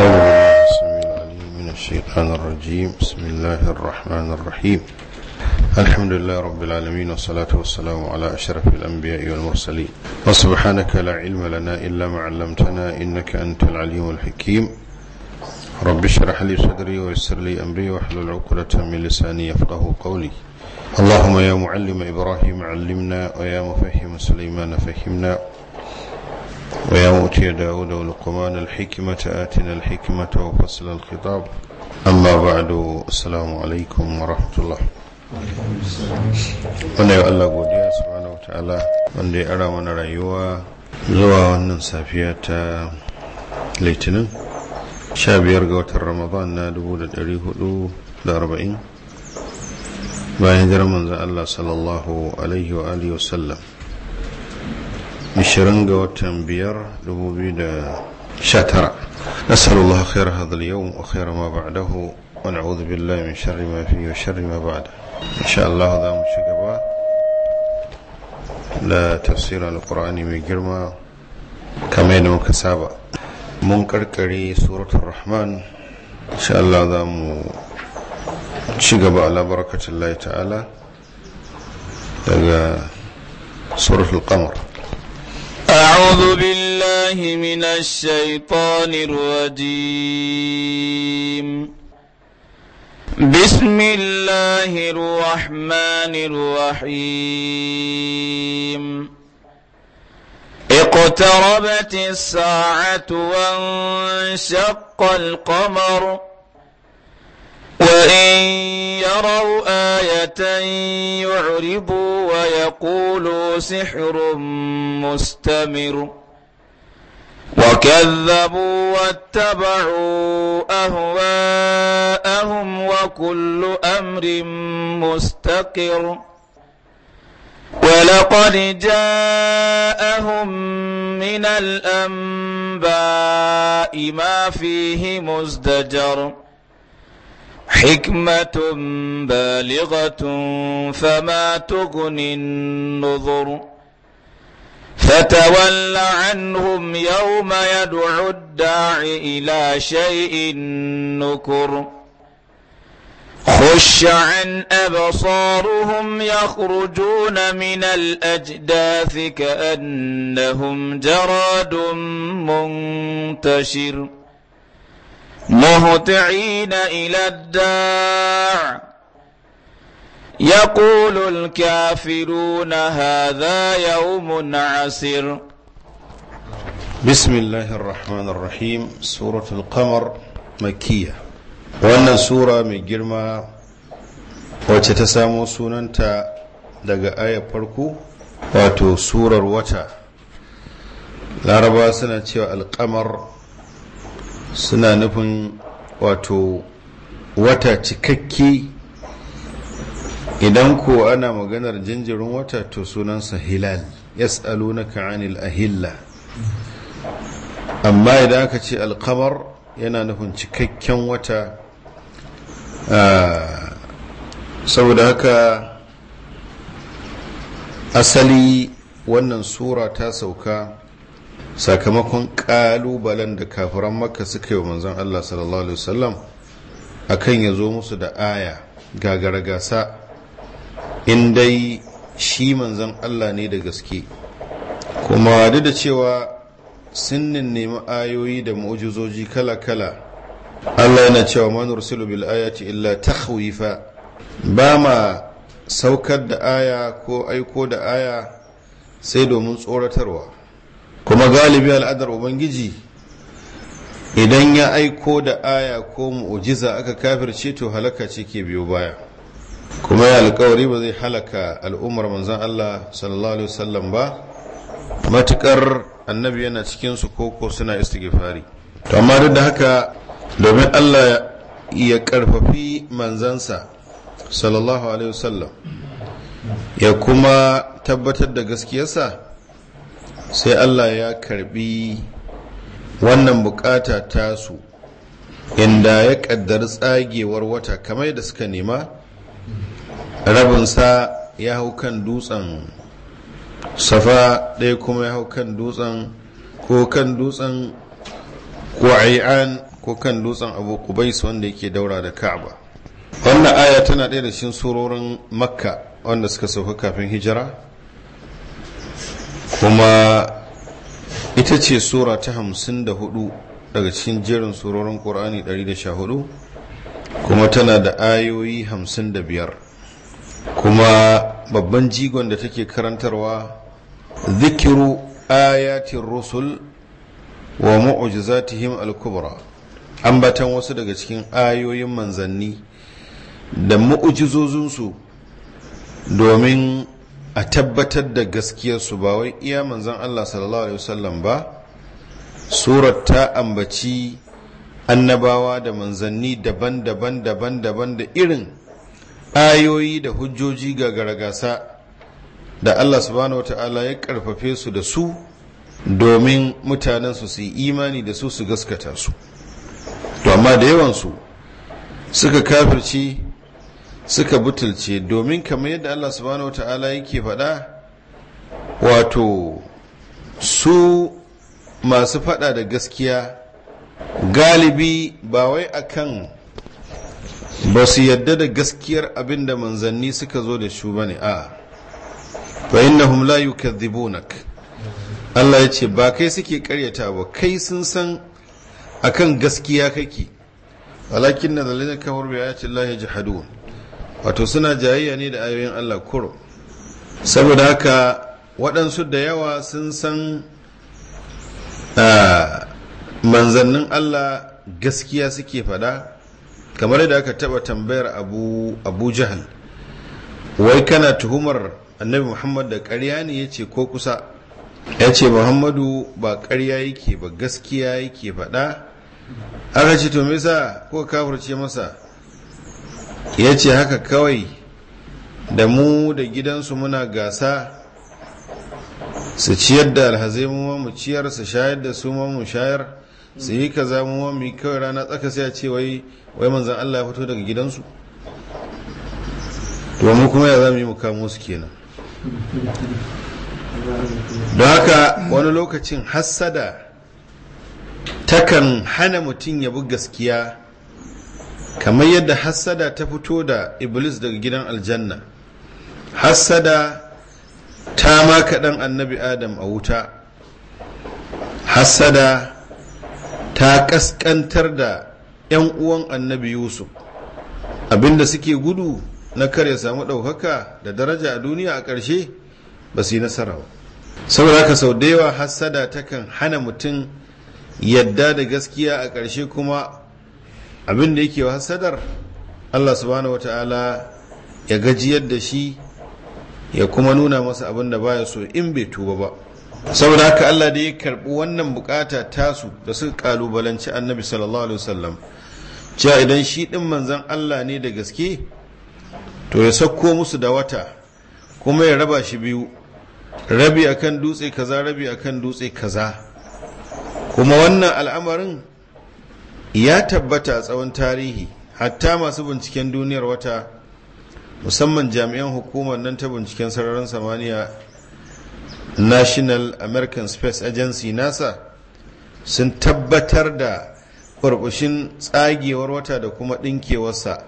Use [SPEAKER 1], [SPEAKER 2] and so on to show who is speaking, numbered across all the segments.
[SPEAKER 1] أعوذ بالله السميع العليم من الشيطان الرجيم بسم الله الرحمن الرحيم الحمد لله رب العالمين والصلاة والسلام على أشرف الأنبياء والمرسلين وسبحانك لا علم لنا إلا ما علمتنا إنك أنت العليم الحكيم رب اشرح لي صدري ويسر لي أمري واحلل عقدة من لساني يفقه قولي اللهم يا معلم إبراهيم علمنا ويا مفهم سليمان فهمنا ويوتي داود والقمان الحكمة آتنا الحكمة وفصل الخطاب أما بعد السلام عليكم ورحمة الله wanda ya Allah godiya subhanahu wataala wanda ya ara mana rayuwa zuwa wannan safiya ta litinin 15 ga watan ramadan na arba'in. bayan jiran manzan Allah sallallahu alaihi wa alihi wasallam 20 ga watan 5 2019 nasalullahu khair hadha al-yawm wa khair ma ba'dahu wa na'udhu billahi min sharri ma fihi wa sharri ma ba'da insha Allah mu shiga ba da tafsirin alqur'ani mai girma kamar yadda muka saba mun karkare suratul rahman insha Allah za mu ci gaba ala barakatullahi ta'ala daga suratul qamar
[SPEAKER 2] أعوذ بالله من الشيطان الرجيم بسم الله الرحمن الرحيم اقتربت الساعة وانشق القمر وإن يروا آية يعربوا ويقولوا سحر مستمر وكذبوا واتبعوا أهواءهم وكل أمر مستقر ولقد جاءهم من الأنباء ما فيه مزدجر حكمة بالغة فما تغني النذر فتول عنهم يوم يدعو الداع إلى شيء نكر خش عن أبصارهم يخرجون من الأجداث كأنهم جراد منتشر مهطعين إلى الداع يقول الكافرون هذا يوم عسر
[SPEAKER 1] بسم الله الرحمن الرحيم سورة القمر مكية وأن سورة من جرمى
[SPEAKER 2] وتتسامو
[SPEAKER 1] سننتا daga ayar farko wato surar wata laraba suna cewa alkamar suna nufin wato wata cikakke idan ko ana maganar jinjirin wata to sunansa hilal yas'alunaka a ahilla amma idan aka ce alkamar yana nufin cikakken wata ah, saboda haka asali wannan sura ta sauka sakamakon kalubalen da kafiran maka suka yi wa manzon Allah sallallahu alaihi wasallam akan ya zo musu da aya gagara gasa in dai shi manzon Allah ne da gaske kuma duk da cewa sun nemi ayoyi da mu'jizoji kala-kala Allah yana cewa man rusilu bil ayati illa takhwifa ba ma saukar da aya ko aiko da aya sai domin tsoratarwa kuma galibi al'adar ubangiji idan ya aiko da aya ko mu'ujiza aka kafirce to halaka ce ke biyu baya kuma ya alkawari ba zai halaka al'ummar manzan Allah sallallahu alaihi wasallam ba matukar annabi yana cikinsu koko suna istighfari to amma duk da haka domin Allah ya karfafi manzansa sallallahu alaihi wasallam ya kuma tabbatar da gaskiyarsa sai allah ya karbi wannan bukata tasu inda ya kaddar tsagewar wata kamar da suka nema
[SPEAKER 2] rabinsa
[SPEAKER 1] ya hau kan dutsen safa ɗaya kuma ya hau kan dutsen ko kan dutsen kuwa'i'an ko kan dutsen abu kubais wanda yake daura da ka'aba wannan aya tana ɗaya da shi surorin makka wanda suka sauka kafin hijira kuma ita ce sura ta hamsin da hudu daga cikin jerin surorin ƙur'ani 114 kuma tana da ayoyi hamsin da biyar kuma babban jigon da take karantarwa zikiru ayatin rusul wa mu'ujizatihim al-kubra ambatan wasu daga cikin ayoyin manzanni da mu'ujizozinsu domin a tabbatar da gaskiyarsu ba wai iya manzan Allah sallallahu alaihi wasallam ba surat ta ambaci annabawa da manzanni daban-daban daban-daban da irin ayoyi da hujjoji ga gargasa da Allah subhanahu wata'ala ya karfafe su da su domin mutanensu su yi imani da su su gaskata su to amma da yawansu suka kafirci suka butulce domin kamar yadda Allah subhanahu wa ta'ala yake faɗa wato su masu faɗa da gaskiya galibi ba wai akan ba su yadda da gaskiyar abin da manzanni suka zo da shi ba ne a fa'innahum la yukadzibunak Allah ya ce ba kai suke karyata ba kai sun san akan gaskiya kake Alakin na zalina kamar ya ce Allah ya jahadu." wato suna jayayya ne da ayoyin Allah kuro saboda haka waɗansu da yawa sun san manzannin Allah gaskiya suke fada kamar da aka taɓa tambayar abu, wai kana tuhumar annabi muhammad da ƙarya ne ya ce ko kusa ya ce muhammadu ba ƙarya yake ba gaskiya yake faɗa aka ce to me yasa ko kafirce masa ya ce haka kawai da mu da gidansu muna gasa su ciyar da alhazai mu mu ciyar su shayar da su ma mu shayar su yi kaza mu mu yi kawai rana tsaka sai a ce wai wai manzan Allah ya fito daga gidansu to mu kuma ya zama yi mu kamo su kenan
[SPEAKER 2] don haka
[SPEAKER 1] wani lokacin hassada takan hana mutum ya bi gaskiya kamar yadda hassada ta fito da iblis daga gidan aljanna hassada ta maka dan annabi adam a wuta hassada ta ƙasƙantar da 'yan uwan annabi yusuf abinda suke gudu na kar ya samu ɗaukaka da daraja a duniya a ƙarshe ba su yi nasara ba saboda haka sau da yawa hassada takan hana mutum yadda da gaskiya a ƙarshe kuma abin da yake hasadar Allah subhanahu wata'ala ya gajiyar da shi ya kuma nuna masa abin da baya so in bai tuba ba saboda haka Allah da ya karbi wannan bukata tasu da suka kalubalanci annabi sallallahu alaihi wasallam cewa idan shi din manzon Allah ne da gaske to ya sauko musu da wata kuma ya raba shi biyu rabi akan dutse kaza rabi akan dutse kaza kuma wannan al'amarin ya tabbata a tsawon tarihi hatta masu binciken duniyar wata musamman jami'an hukumar nan ta binciken sararin samaniya national american space agency nasa sun tabbatar da ƙwarƙushin tsagewar wata da kuma ɗinkewarsa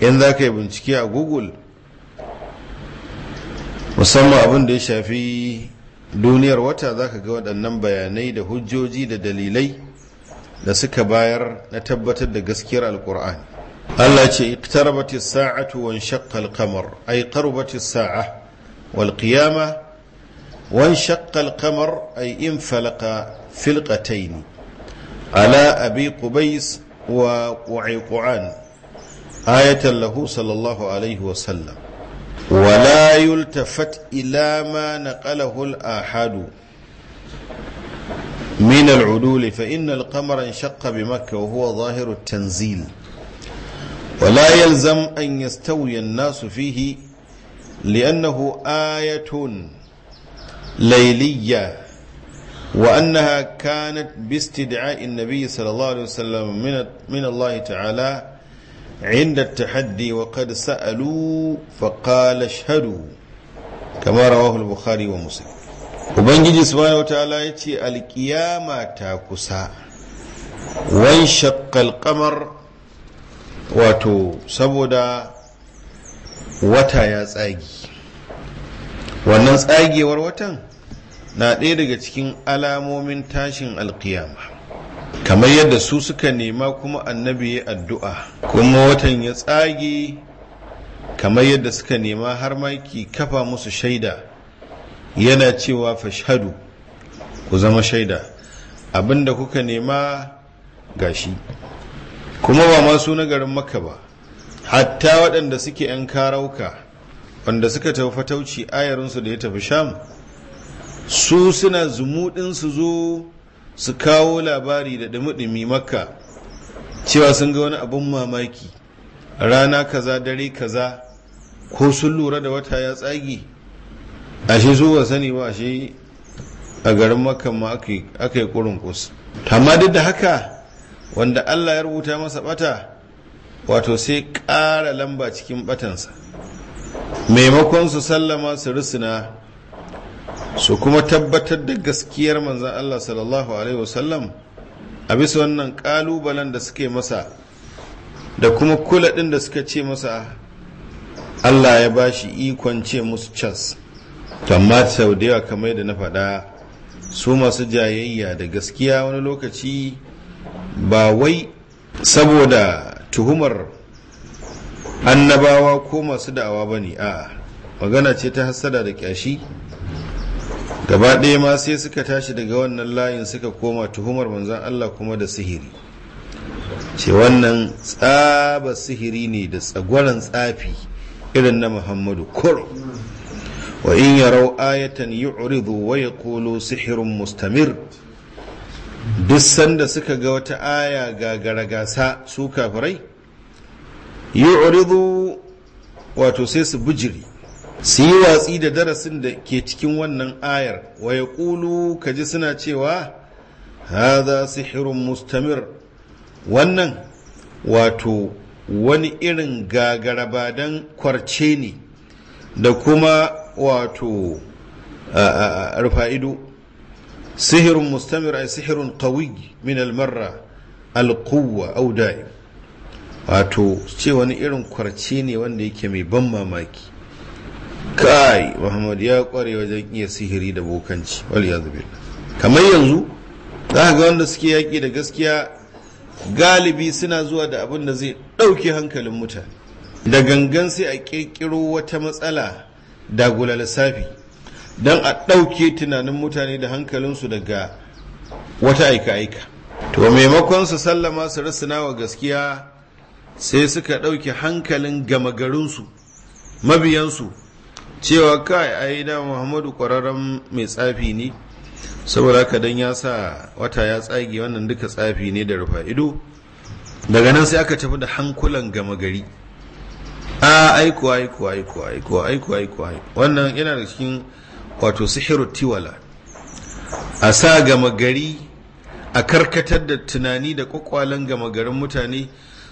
[SPEAKER 1] yan za ka yi bincike a google
[SPEAKER 3] musamman abin
[SPEAKER 1] da ya shafi duniyar wata za ka ga waɗannan bayanai da hujjoji da dalilai da suka bayar na tabbatar da gaskiyar Alƙur'an. Allah ce iktarabati sa'atu wa shaqqa al-qamar ay qarabati sa'a wal qiyama wa shaqqa al-qamar ay infalaqa filqatayn ala abi qubais wa qu'ayqan ayatan lahu sallallahu alayhi wa sallam
[SPEAKER 2] ولا
[SPEAKER 1] يلتفت إلى ما نقله الآحاد من العدول فإن القمر انشق بمكة وهو ظاهر التنزيل ولا يلزم أن يستوي الناس فيه لأنه آية ليلية وأنها كانت باستدعاء النبي صلى الله عليه وسلم من, من الله تعالى عند التحدي وقد سألوا فقال اشهدوا كما رواه البخاري ومسلم ubangiji subhanahu wataala ya ce alkiyama ta kusa wan shakkal kamar wato saboda wata ya tsagi wannan tsagewar watan na ɗaya daga cikin alamomin tashin alƙiyama. kamar yadda su suka nema kuma annabi ya addu'a kuma watan ya tsage kamar yadda suka nema har ma ke kafa musu shaida yana cewa fashadu, ku zama shaida abinda kuka nema gashi kuma ba masu na garin makka ba hatta waɗanda suke 'yan karauka wanda suka tafi fatauci ayarinsu da ya tafi sham su suna zumuɗin su zo su kawo labari da ɗumi-ɗumi makka cewa sun ga wani abin mamaki rana kaza dare kaza ko sun lura da wata ya tsage ashe su ba sani ba ashe a garin makka ma aka yi kurin kusa amma duk da haka wanda allah ya rubuta masa bata wato sai ƙara lamba cikin batansa maimakon su sallama su risina su kuma tabbatar da gaskiyar manzan allah sallallahu alaihi wasallam a bisa wannan kalubalen da suke masa da kuma kula ɗin da suka ce masa allah ya bashi ikon ce musu cas amma sau da yawa kamar da na faɗa su masu jayayya da gaskiya wani lokaci ba wai saboda tuhumar annabawa ko masu da'awa ba ne a magana ce ta hassada da kyashi gaba ɗaya ma sai suka tashi daga wannan layin suka koma tuhumar manzan Allah kuma da sihiri
[SPEAKER 3] ce wannan
[SPEAKER 1] tsaba sihiri ne da tsagwaron tsafi irin na muhammadu kur. وإن يروا آية يعرضوا ويقولوا سحر مستمر duk sanda suka ga wata aya ga garagasa su kafirai yu'ridu wato sai su bujiri su yi watsi da darasin da ke cikin wannan ayar waya ya ƙulu ka ji suna cewa haza sihirun mustamir wannan wato wani irin gagarabadan kwarce ne da kuma wato rufa'idu sihirun mustamir ay sihirun qawi min almarra alquwa aw da'im wato ce wani irin kwarce ne wanda yake mai ban mamaki kai muhammad ya kware wajen iya sihiri da bokanci wal kamar yanzu za ga wanda suke yaki da gaskiya galibi suna zuwa da abin da zai ɗauke hankalin mutane da gangan sai a ƙirƙiro wata matsala dagula lissafi don a ɗauke tunanin mutane da hankalinsu daga wata aika-aika
[SPEAKER 3] to maimakon
[SPEAKER 1] su sallama su rasina wa gaskiya sai suka ɗauke hankalin gama garinsu mabiyansu cewa kai yi da muhammadu ƙwararren mai tsafi ne saboda haka don ya sa wata ya tsage wannan duka tsafi ne da rufa ido daga nan sai aka tafi da hankulan gama gari a aiko aiko aiko aiko aiko aiko wannan yana da cikin wato sihiru tiwala a sa gama gari a karkatar da tunani da kwakwalen gama garin mutane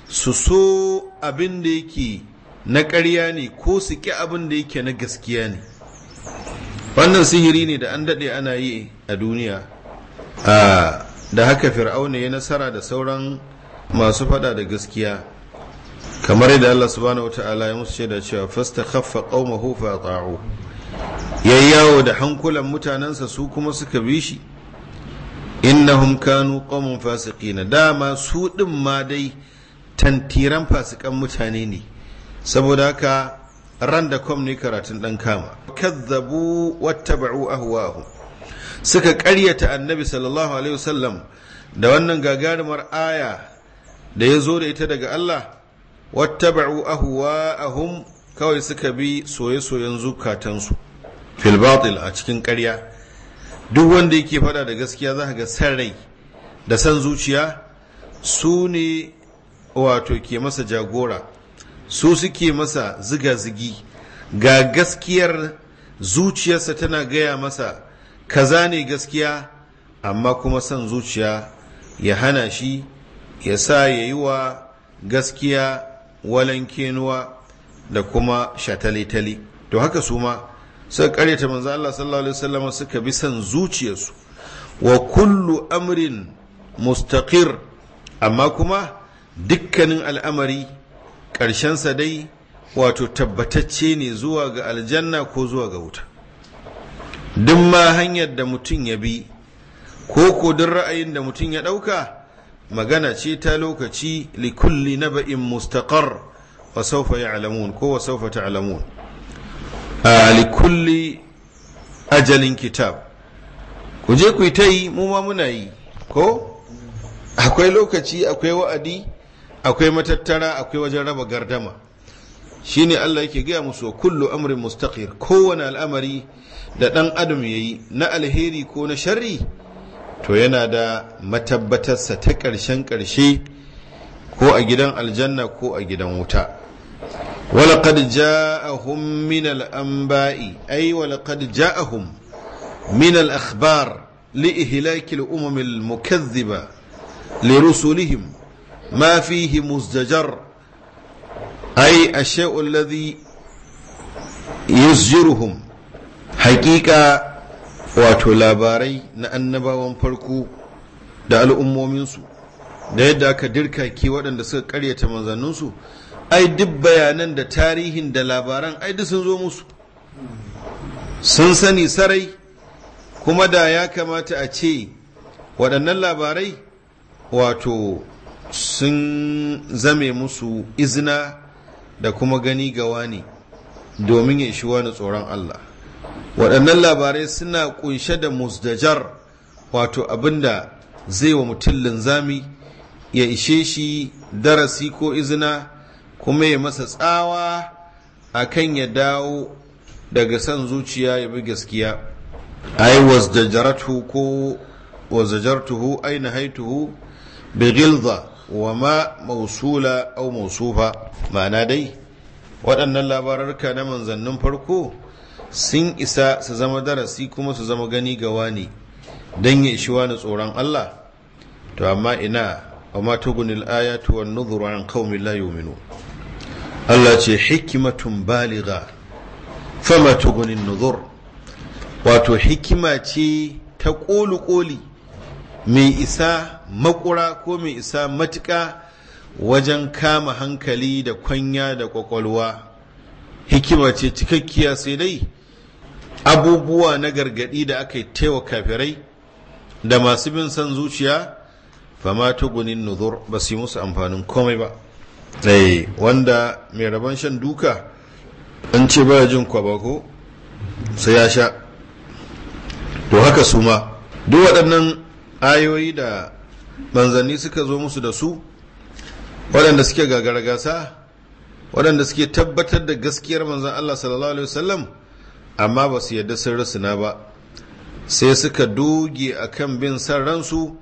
[SPEAKER 1] su so abin da yake na ƙarya ne ko su ƙi abin da yake na gaskiya ne wannan sihiri ne da an daɗe ana yi a duniya da haka fir'auna ya nasara da sauran masu fada da gaskiya kamar yadda Allah subhanahu wata'ala ya musu ce da cewa fasta khaffa qaumahu fa ta'u yayyawo da hankulan mutanensa su kuma suka bi shi innahum kanu qaumun fasiqina dama su din ma dai tantiran fasikan mutane ne saboda haka ran da kom ne karatun dan kama kazzabu wattabu ahwahu suka karyata annabi sallallahu alaihi wasallam da wannan gagarumar aya da ya zo da ita daga Allah wattaba'u ahwa'ahum kawai suka bi soye-soyen zukatansu fil batil a cikin ƙarya duk wanda yake fada da gaskiya za ga san rai da san zuciya su ne wato ke masa jagora su suke masa ziga-zigi ga gaskiyar zuciyarsa tana gaya masa kaza ne gaskiya amma kuma san zuciya ya hana shi ya sa ya yi wa gaskiya walan kenuwa da kuma shatale to haka su ma suka karyata manzo Allah sallallahu alaihi wasallam suka bi san zuciyarsu wa kullu amrin mustaqir amma kuma dukkanin al'amari sa dai wato tabbatacce ne zuwa ga aljanna ko zuwa ga wuta duk ma hanyar da mutum ya bi ko ko duk ra'ayin da mutum ya ɗauka magana ce ta lokaci likulli naba'in mustaqar wa sawfa ya'lamun ko wa sawfa ta'lamun a likulli ajalin kitab ku je ku yi ta yi mu ma muna yi ko akwai lokaci akwai wa'adi akwai matattara akwai wajen raba gardama shine Allah yake gaya musu kullu amrin mustaqir kowane al'amari da ɗan adam ya yi na alheri ko na sharri to yana da matabbatarsa ta ƙarshen ƙarshe ko a gidan aljanna ko a gidan wuta walaƙad ja'ahum min al'amba'i ai walaƙad ja'ahum min al'akhbar li'ihlaki al'umamil mukazziba lirusulihim ma fihi muzdajar ai a sha'ul ladhi yusjiruhum haƙiƙa wato labarai na annabawan farko da al'ummominsu da yadda aka dirka ke waɗanda suka karyata manzanninsu ai duk bayanan da tarihin da labaran ai duk sun zo musu sun sani sarai kuma da ya kamata a ce waɗannan labarai wato sun zame musu izina da kuma gani gawa ne, domin ya ishi wani tsoron Allah waɗannan labarai suna kunshe da musdajar wato abinda zai wa mutum linzami ya ishe shi darasi ko izina kuma ya masa tsawa a kan ya dawo daga san zuciya ya bi gaskiya ai wasdajaratu ko wasdajartuhu ai nahaituhu bi gilza wa ma mausula au mausufa ma'ana dai waɗannan labararka na manzannin farko sun isa su zama darasi kuma su zama gani ga wani don ya shi wani tsoron Allah to amma ina amma tugunil ayatu wan nuzuru an qaumin la yu'minu Allah ce hikimatun baliga fama tugunin nuzur wato hikima ce ta koli koli mai isa makura ko mai isa matuka wajen kama hankali da kwanya da kwakwalwa hikima ce cikakkiya sai dai abubuwa na gargaɗi da aka yi taiwa kafirai da masu bin san zuciya ta tugunin nuzur ba su yi musu amfanin komai ba ɗaya eh, wanda mai rabon shan duka an ce baya jin kwabako sai ya sha to haka su ma duk waɗannan ayoyi da manzanni suka zo musu da su waɗanda suke gagara gasa waɗanda suke tabbatar da gaskiyar manzan Allah sallallahu alaihi wasallam amma ba su yadda sun rasuna ba sai suka doge a kan bin san ransu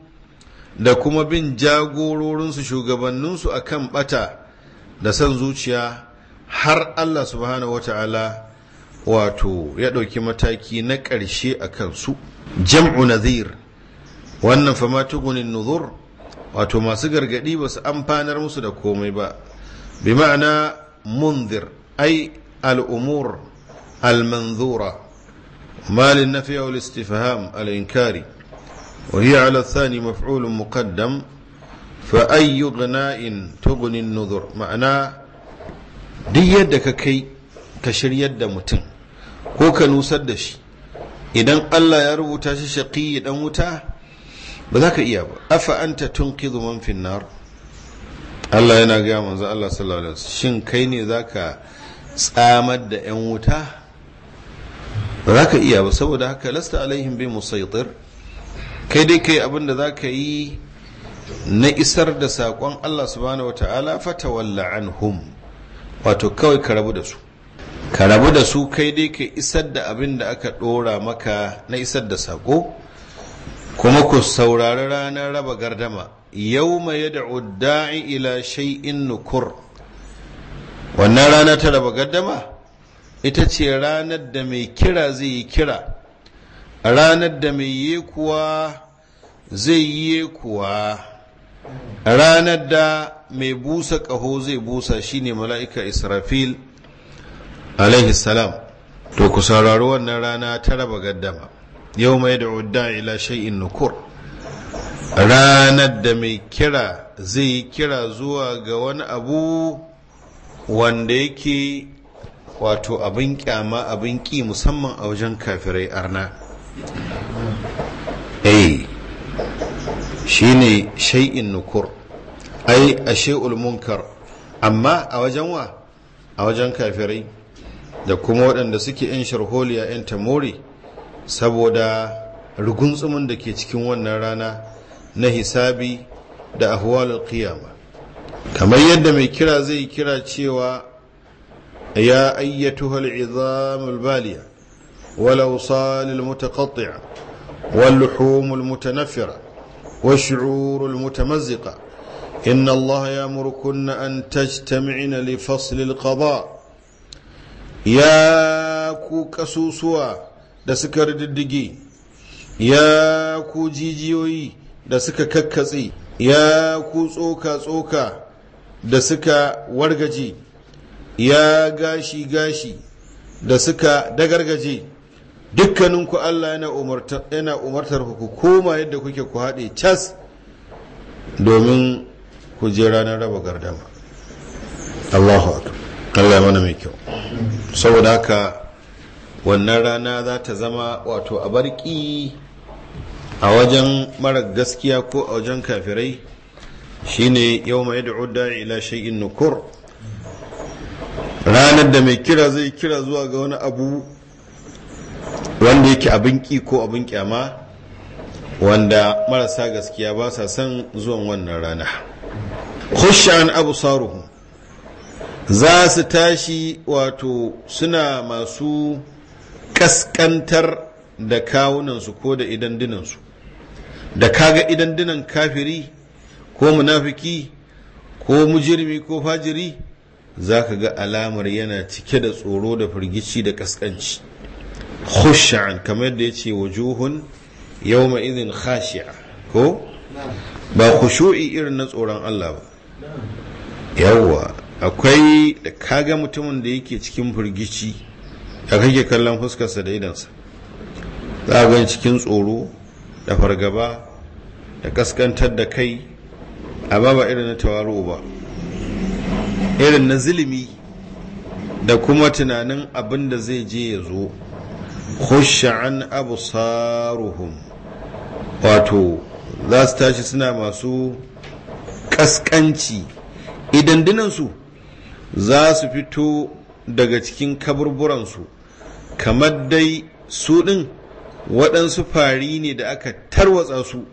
[SPEAKER 1] da kuma bin jagororinsu shugabanninsu a kan bata da san zuciya har allah subhanahu wata'ala wato ya ɗauki mataki na ƙarshe a kansu jam'u nazir wannan fama tugunin nuzur wato masu gargadi ba su amfanar musu da komai ba bi ma'ana munzir ai al'umur المنذورة ما للنفي أو الاستفهام الإنكاري وهي على الثاني مفعول مقدم فأي غناء تغني النذر معناه duk yadda ka kai ka shiryar da mutum ko ka nusar da shi idan Allah ya rubuta shi shaƙi dan wuta ba za ka iya ba afa anta tunqidhu man fin Allah yana gaya manzo Allah shin kai ne zaka tsamar da yan wuta ba za ka iya ba saboda haka lasta alaihim bi musaitir kai dai kai abin da za ka yi na isar da saƙon Allah subhanahu walla an hum. wato kawai ka rabu da su ka rabu da su kai dai ka isar da abin da aka ɗora maka na isar da saƙo kuma ku saurari ranar raba gardama yau mai yadda da'i ila shay'in nukur wannan rana ta raba gardama ita ce ranar da mai kira zai yi kira ranar da mai yi kuwa zai yi kuwa ranar da mai busa ƙaho zai busa shine mala'ika israfil alaihi salam to ku saurari wannan rana ta raba gaddama yau mai da udda ila shay'in nukur ranar da mai kira zai yi kira zuwa ga wani abu wanda yake wato abin kyama abin ki musamman a wajen kafirai arna eh shine shay'in nukur ai ashay'ul munkar amma a wajen wa a wajen kafirai da kuma waɗanda suke yan sharholiya yan tamori saboda tsumin da ke cikin wannan rana na hisabi da ahwalul qiyama kamar yadda mai kira zai kira cewa يا أيتها العظام البالية والأوصال المتقطعة واللحوم المتنفرة والشعور المتمزقة إن الله يأمركن أن تجتمعن لفصل القضاء يا ku kasusuwa da suka riddige ya ku jijiyoyi da suka kakkatse ya ku tsoka-tsoka da suka wargaje ya gashi gashi da suka dagargaje dukkaninku Allah yana umartar ku koma yadda kuke ku haɗe cas domin ku je ranar raba gardama Allahu akbar Allah mana mai kyau saboda haka wannan rana za ta zama wato a barki a wajen mara gaskiya ko a wajen kafirai shine yau mai da'uda ila shay'in nukur ranar da mai kira zai kira zuwa ga wani abu wanda yake abin ki ko abin kyama wanda marasa gaskiya ba sa son zuwan wannan rana khushan abu saruhu za su tashi wato suna masu kaskantar da kawunansu ko da idan dinansu da kaga idan dinan kafiri ko munafiki ko mujirmi ko fajiri za ka ga alamar yana cike da tsoro da firgici da kaskanci khushan kamar da ya ce wajuhun yawma izin khashi'a ko ba khushu'i irin na tsoron Allah ba yawwa akwai da kaga mutumin da yake cikin firgici da kake kallon fuskarsa da idansa za a gan cikin tsoro da fargaba da kaskantar da kai a ba irin na tawaru ba irin na zilimi da kuma tunanin abin da zai je ya zo khusha an saruhun wato za su tashi suna masu kaskanci idan dinansu za su fito daga cikin kaburburansu kamar dai su ɗin waɗansu fari ne da aka tarwatsa su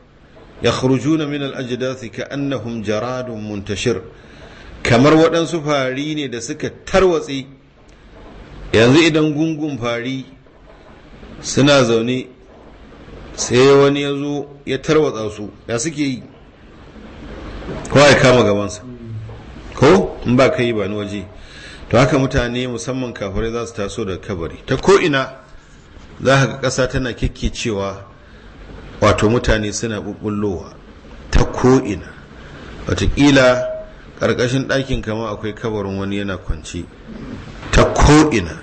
[SPEAKER 1] ya kharujuna min al-ajdasi ka annahum jaradun muntashir
[SPEAKER 2] kamar waɗansu
[SPEAKER 1] fari ne da suka tarwatse yanzu idan gungun fari suna zaune sai wani ya zo ya tarwatsa su ya suke yi kawai kama gabansa ko in ba ka yi ba ni waje to haka mutane musamman kafirai za su taso da kabari ta ko'ina za ka ƙasa tana cewa wato mutane suna ɓuɓɓullowa ta ko'ina watakila ƙarƙashin ɗakin kama akwai kabarin wani yana kwance ta ko'ina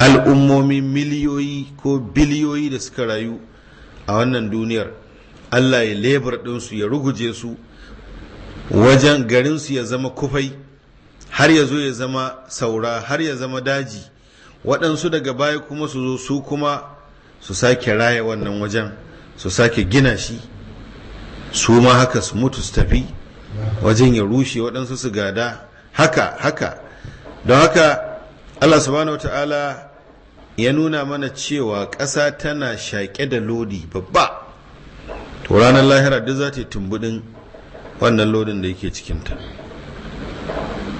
[SPEAKER 1] al'ummomi miliyoyi ko biliyoyi da suka rayu a wannan duniyar allah ya lebar ɗinsu ya ruguje su wajen garinsu ya zama kufai har ya zo ya zama saura har ya zama daji waɗansu daga baya kuma su zo su kuma su sake raya wannan wajen su sake gina shi su ma haka su mutu su tafi wajen ya rushe waɗansu su gada haka haka don haka allah subhanahu Wata'ala ya nuna mana cewa ƙasa tana shaƙe da lodi babba to ranar lahira duk za ta yi tumbudin wannan lodin da yake cikinta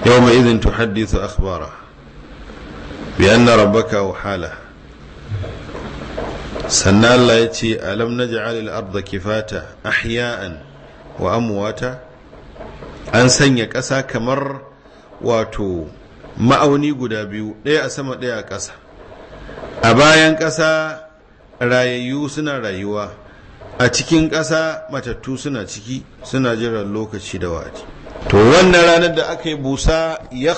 [SPEAKER 1] yau mai izin haddisa akhbara bi na rabbaka wahala. sannan allah ya ce alam naj'al al-ardha kifata ahya'an wa amuwata. an sanya ƙasa kamar wato ma'auni guda biyu ɗaya a sama ɗaya a ƙasa a bayan ƙasa rayayyu suna rayuwa a cikin ƙasa matattu suna ciki suna jiran lokaci da waje. to wannan ranar da aka yi busa ya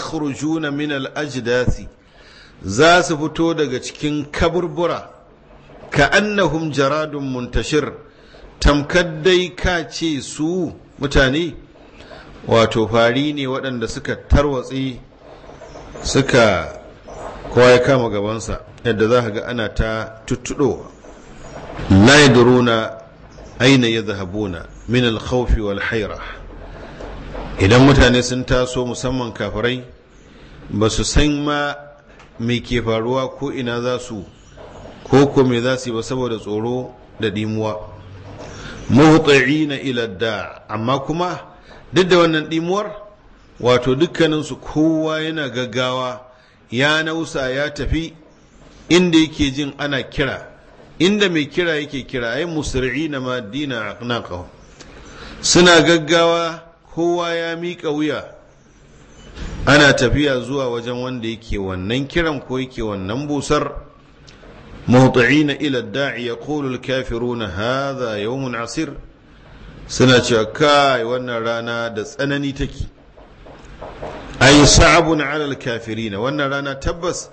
[SPEAKER 1] na min al'ajdasi za su fito daga cikin kaburbura ka annahum jaradun muntashir tamkar dai ka ce su mutane wato fari ne waɗanda suka tarwatsi suka kowa ya kama gabansa yadda za ga ana ta tuttuɗowa la duruna aina zahabuna min al wal haira idan mutane sun taso musamman kafirai ba su san ma mai ke faruwa ko ina za su ko ko me za su yi ba saboda tsoro da dimuwa na ila da amma kuma duk da wannan ɗimuwar wato dukkaninsu kowa yana gaggawa ya nausa ya tafi inda yake jin ana kira inda mai kira yake kira ai musri'i na madina kawo. suna gaggawa kowa ya miƙa wuya ana tafiya zuwa wajen wanda yake wannan kiran ko yake wannan busar muhti'ina ila da'i kolul al-kafiruna haza yawmun asir suna cewa kai wannan rana da tsanani take ayi sa'abun alal kafirina wannan rana tabbas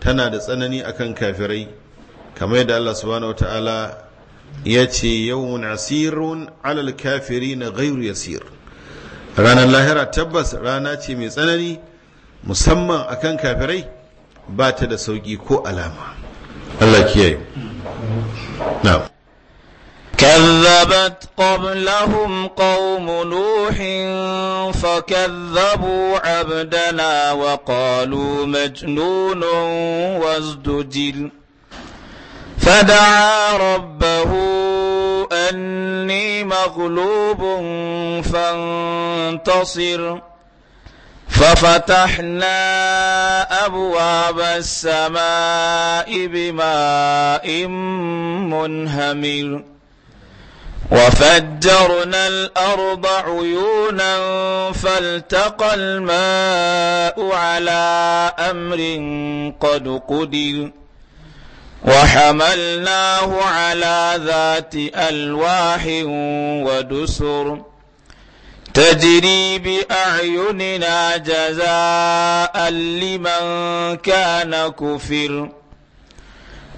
[SPEAKER 1] tana da tsanani akan kafirai kamar yadda Allah subhanahu wataala ya ce yawun asirun alal kafirina ghairu yasir ranar lahira tabbas rana ce mai tsanani musamman akan kafirai ba ta da
[SPEAKER 2] sauki ko alama
[SPEAKER 1] Allah kiyaye na'am
[SPEAKER 2] كذبت قبلهم قوم نوح فكذبوا عبدنا وقالوا مجنون وازدجر فدعا ربه أني مغلوب فانتصر ففتحنا أبواب السماء بماء منهمر وفجرنا الأرض عيونا فالتقى الماء على أمر قد قدر وحملناه على ذات ألواح ودسر تجري بأعيننا جزاء لمن كان كفر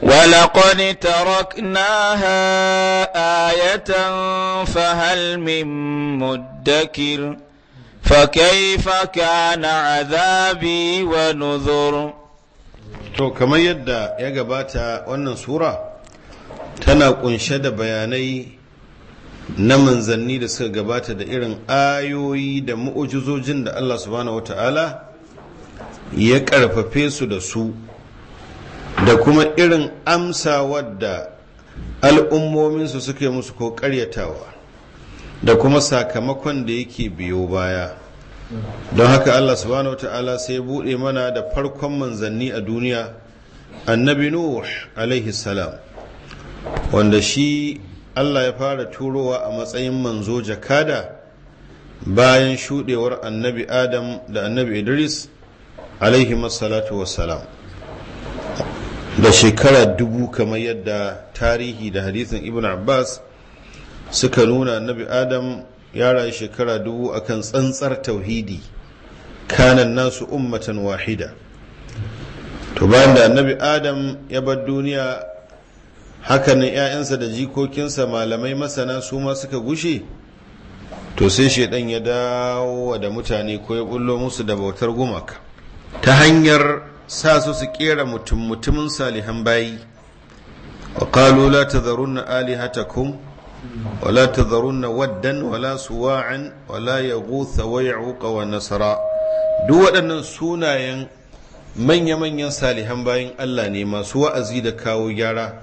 [SPEAKER 2] ولقد تركناها آية فهل من مدكر فكيف كان عذابي ونذر
[SPEAKER 1] to kamar yadda ya gabata wannan sura tana kunshe da bayanai na manzanni da suka gabata da irin ayoyi da mu'ujizojin da Allah subhanahu wata'ala ya karfafe su da su da kuma irin amsa wadda al'ummominsu suke musu ko karyatawa da kuma sakamakon da yake biyo baya don haka allah subhanahu wa ta'ala sai buɗe mana da farkon manzanni a duniya annabi nuh alaihi salam wanda shi allah ya fara turowa a matsayin manzo jakada bayan shuɗewar annabi adam da annabi idris alaihi salatu salam. da shekara dubu kamar yadda tarihi da hadisin ibn abbas suka nuna nabi adam ya rayu shekara dubu akan tsantsar tauhidi kanan nasu ummatan wahida to bayan da annabi adam ya bar duniya hakanan 'ya'yansa da jikokinsa malamai masana su ma suka gushe to sai shaidan ya dawo da mutane ko ya bullo musu da bautar gumaka ta hanyar sa su su kera mutum mutumin salihan bayi wa kalu la tadharunna alihatakum wa la na waddan wa la suwa'an wa la gutha wa ya'uqa wa nasara. duk waɗannan sunayen manya-manyan salihan bayan Allah ne masu wa'azi da kawo gyara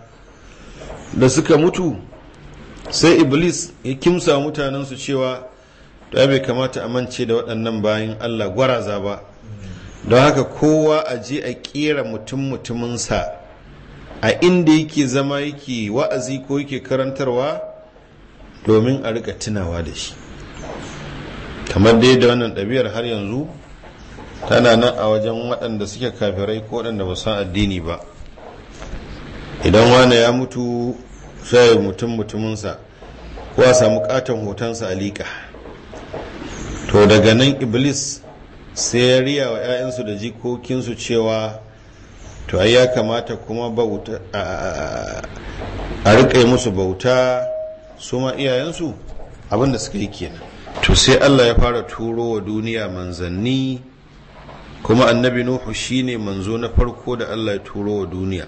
[SPEAKER 1] da suka mutu sai iblis ya kimsa mutanensu cewa da bai kamata a mance da waɗannan bayan Allah gwaraza ba don haka kowa a je a kera mutum mutuminsa a inda yake zama yake wa'azi ko yake karantarwa domin a rika tunawa da shi kamar dai da wannan ɗabi'ar har yanzu tana nan a wajen waɗanda suke kafirai ko waɗanda ba san addini ba idan wane ya mutu sai mutum mutuminsa ko a samu katon hotonsa a liƙa to daga nan iblis sai ya riya wa 'ya'yansu da jikokinsu cewa to ya kamata kuma bauta a riƙe musu bauta su ma iyayensu abinda suka yi kenan to sai allah ya fara turo wa duniya manzanni kuma annabi nuhu shine manzo na farko da allah ya turo wa duniya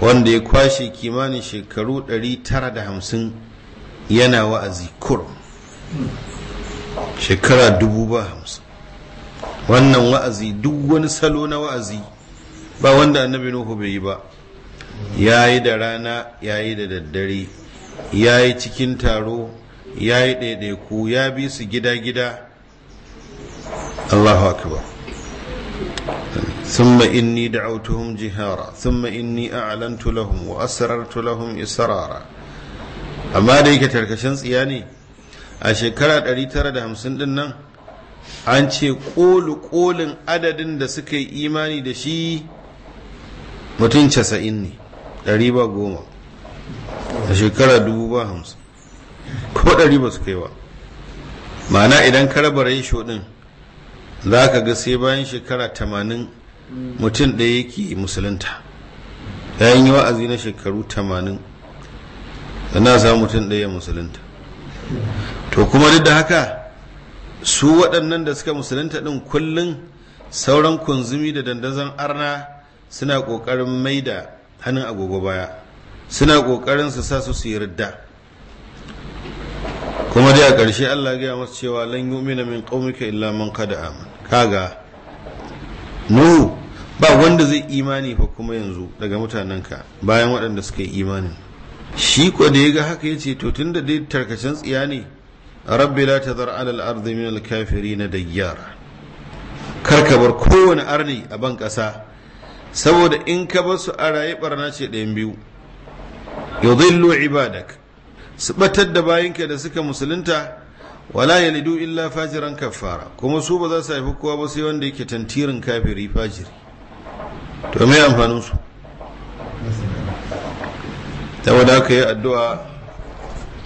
[SPEAKER 1] wanda ya kwashe kimanin shekaru 950 yana wa'azi kurum shekara dubu ba hamsin wannan wa'azi duk wani salo na wa'azi ba wanda annabi nuhu bai yi ba ya yi da rana ya yi da daddare ya yi cikin taro ya yi ɗaiɗaiku ya bi su gida-gida allahu akbar ثم إني دعوتهم جهارا ثم إني أعلنت لهم وأسررت لهم إسرارا أما ديك تركشن سياني أشكرا أريتر دهم nan? an ce ƙolu ƙolin adadin da suka yi imani da shi mutum casa'in ne ɗari ba goma a shekara dubu ba hamsin ko ɗari ba su kai ba ma'ana idan ka raba shoɗin ɗin za ka ga sai bayan shekara tamanin mutum ɗaya yake musulunta yayin yi wa'azi na shekaru tamanin da na samu mutum ɗaya musulunta to kuma duk da haka su waɗannan da suka musulunta ɗin kullum sauran kunzumi da dandazon arna suna ƙoƙarin mai da hannun agogo baya suna ƙoƙarin su sa su yarda
[SPEAKER 3] kuma dai a ƙarshe
[SPEAKER 1] Allah gaya masu cewa lan umina min qaumika illa man da aman kaga nuhu ba wanda zai imani fa kuma yanzu daga mutanenka bayan waɗanda suka yi imanin shi ko da ya ga haka ya ce to tun da dai tarkacin tsiya ne rabbi la ta zara kafiri na min alkafiri na dayyara karkabar kowane arni a ban kasa saboda in ka ba su a raye barna ce ɗayan biyu yadhillu ibadak su batar da bayanka da suka musulunta wala yalidu illa fajiran kafara kuma su ba za su haifi kowa ba sai wanda yake tantirin kafiri fajiri to me amfanin su ta wadaka yi addu'a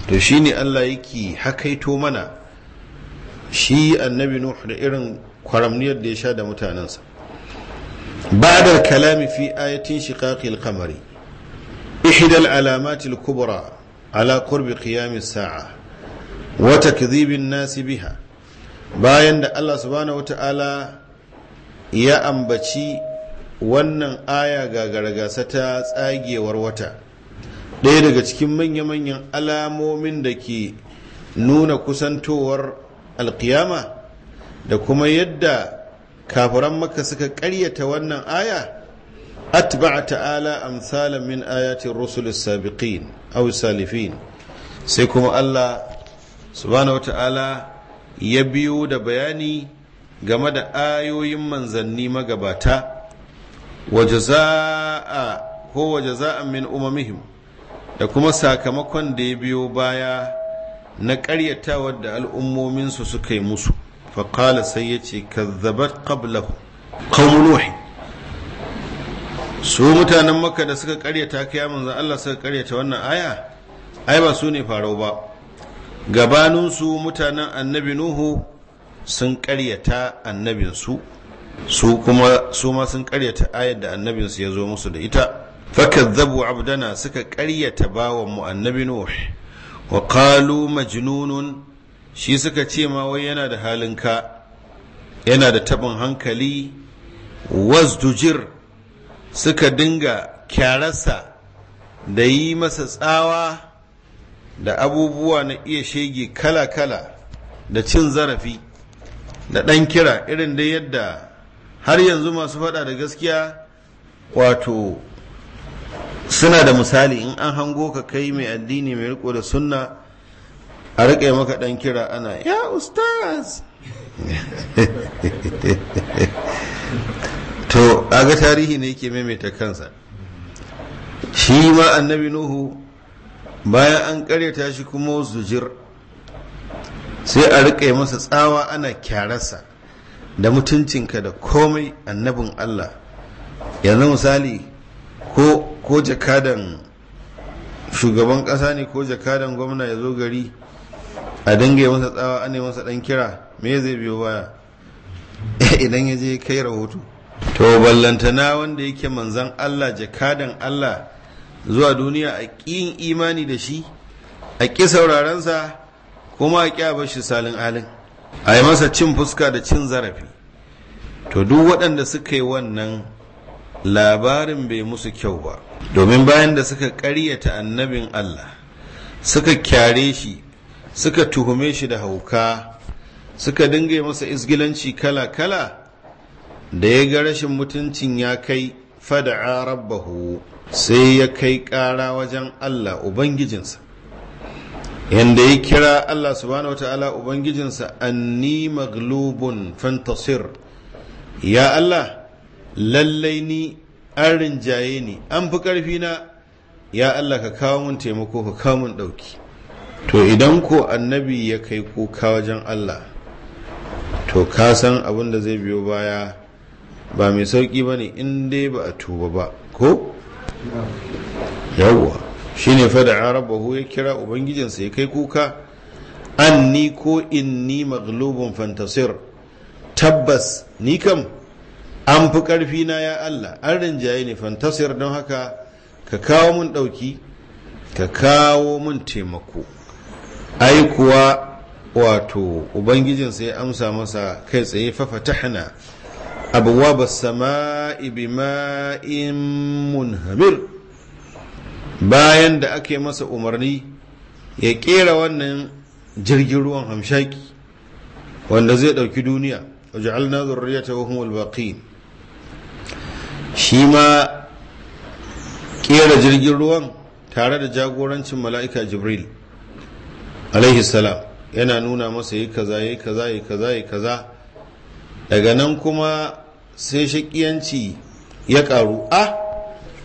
[SPEAKER 1] to shi ne Allah yake hakaito mana shi annabi nuhu da irin kwaramniyar da ya sha da mutanensa بعد kalami fi آية شقاق ihdal alamatil kubra الكبرى على قرب sa'a الساعة وتكذيب الناس biha bayan da Allah subhanahu wata'ala ya ambaci wannan aya ga gargasa ta tsagewar wata ɗaya daga cikin manya-manyan alamomin da ke nuna kusantowar alkiyama da kuma yadda kafiran maka suka ƙaryata wannan aya atba ta'ala amsalan min ayatin rusul sabiqin aw salifin sai kuma Allah subhanahu ta'ala ya biyo da bayani game da ayoyin manzanni magabata wa jaza'a ko wa jaza'an min umamihim da kuma sakamakon da ya biyo baya na karyatawa da al'ummominsu suka yi musu faƙala sai ya ce ka kazzabat qablahu wahi? su mutanen maka da suka karyata kai za Allah suka karyata wannan aya ai ba su ne farau ba gabaninsu mutanen annabi nuhu sun karyata annabinsu su kuma su ma sun karyata ayar da annabinsu ya zo musu da ita Zabu abdana suka ƙaryata bawan mu annabi nuh wa majnunun shi suka ce ma wai yana da halinka yana da tabin hankali wasdujir suka dinga kyararsa da yi masa tsawa da abubuwa na iya shege kala-kala da cin zarafi da ɗan kira irin da yadda har yanzu masu faɗa da gaskiya wato suna da misali in an hango ka kai mai addini mai riko da sunna a riƙe maka ɗan kira ana ya ustaz
[SPEAKER 3] to aga
[SPEAKER 1] tarihi ne yake maimaita kansa shi ma annabi nuhu bayan an karyata shi kuma zujir sai a riƙe masa tsawa ana kyararsa da mutuncinka da komai annabin allah yanzu misali ko ko jakadan shugaban kasa ne ko jakadan gwamna ya zo gari
[SPEAKER 2] a dinga ya masa
[SPEAKER 1] tsawa yi masa dan kira me zai biyo baya idan ya je kai rahoto to ballantana wanda yake manzan Allah jakadan Allah zuwa duniya a ƙin imani da shi a ƙi saurarensa kuma a ƙyaba shi salin alin a yi masa cin fuska da cin zarafi to duk waɗanda suka yi wannan labarin bai musu kyau ba domin bayan da suka ƙaryata annabin Allah suka kyare shi suka tuhume shi da hauka suka dinga masa isgilanci kala-kala da ya ga rashin mutuncin ya kai fada'a rabbahu sai ya kai ƙara wajen Allah Ubangijinsa yadda ya kira Allah subhanahu wa ta'ala Ubangijinsa anni maglubun fantasir ya Allah lallai ni an rinjaye ni an fi ƙarfi na ya Allah ka kawo mun taimako ka kawo mun ɗauki to idan ko annabi ya kai kuka wajen Allah to ka san abin da zai biyo baya ba mai sauƙi ba ne in dai ba a tuba ba ko
[SPEAKER 3] yawwa ne fada
[SPEAKER 1] arabahu ya kira ubangijinsa ya kai kuka an ni ko in ni maglubun fantasir tabbas ni kam an fi ƙarfi na ya Allah an rinjaye ne fantasiyar don haka ka kawo mun ɗauki ka kawo mun taimako aikuwa wato ubangijin sai amsa masa kai tsaye fafatahna abuwa ba sama'i mun munhamir bayan da ake masa umarni ya kera wannan jirgin ruwan hamshaki wanda zai ɗauki duniya waje'alna zurriyata ta humul baqin shi ma kera jirgin ruwan tare da jagorancin mala'ika jibril alaihi salam yana nuna masa yi kaza yi kaza yi kaza yi kaza daga nan kuma sai shakiyanci ya ƙaru. a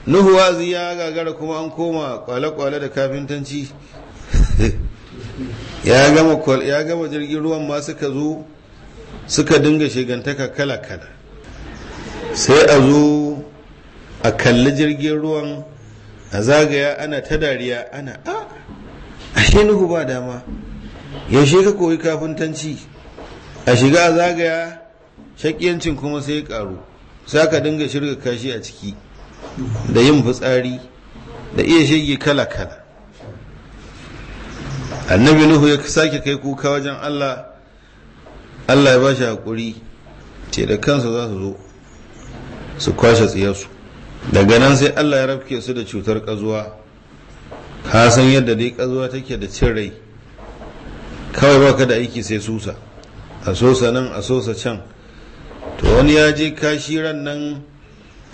[SPEAKER 1] nuhu wazi ya gagara kuma an koma kwale-kwale da kafintanci ya gama jirgin ruwan ma suka zo suka dinga shigantaka kala-kala sai a zo a kalli jirgin ruwan a zagaya ana ta dariya ana a ah, ashe nuhu ba dama yaushe ka koyi kafintanci a shiga a zagaya shakiyancin kuma sai ya karu sai ka dinga shirga kashi a ciki da yin fitsari da iya shige kala-kala annabi nuhu ya sake kai kuka wajen allah allah ya ba shi haƙuri ce da kansa za su zo su kwashe tsiyarsu daga nan sai allah ya rafke su da cutar kazuwa ka san yadda dai kazuwa take da cin rai kawai baka da aiki sai susa a sosa nan a sosa can to wani ya je kashi ran nan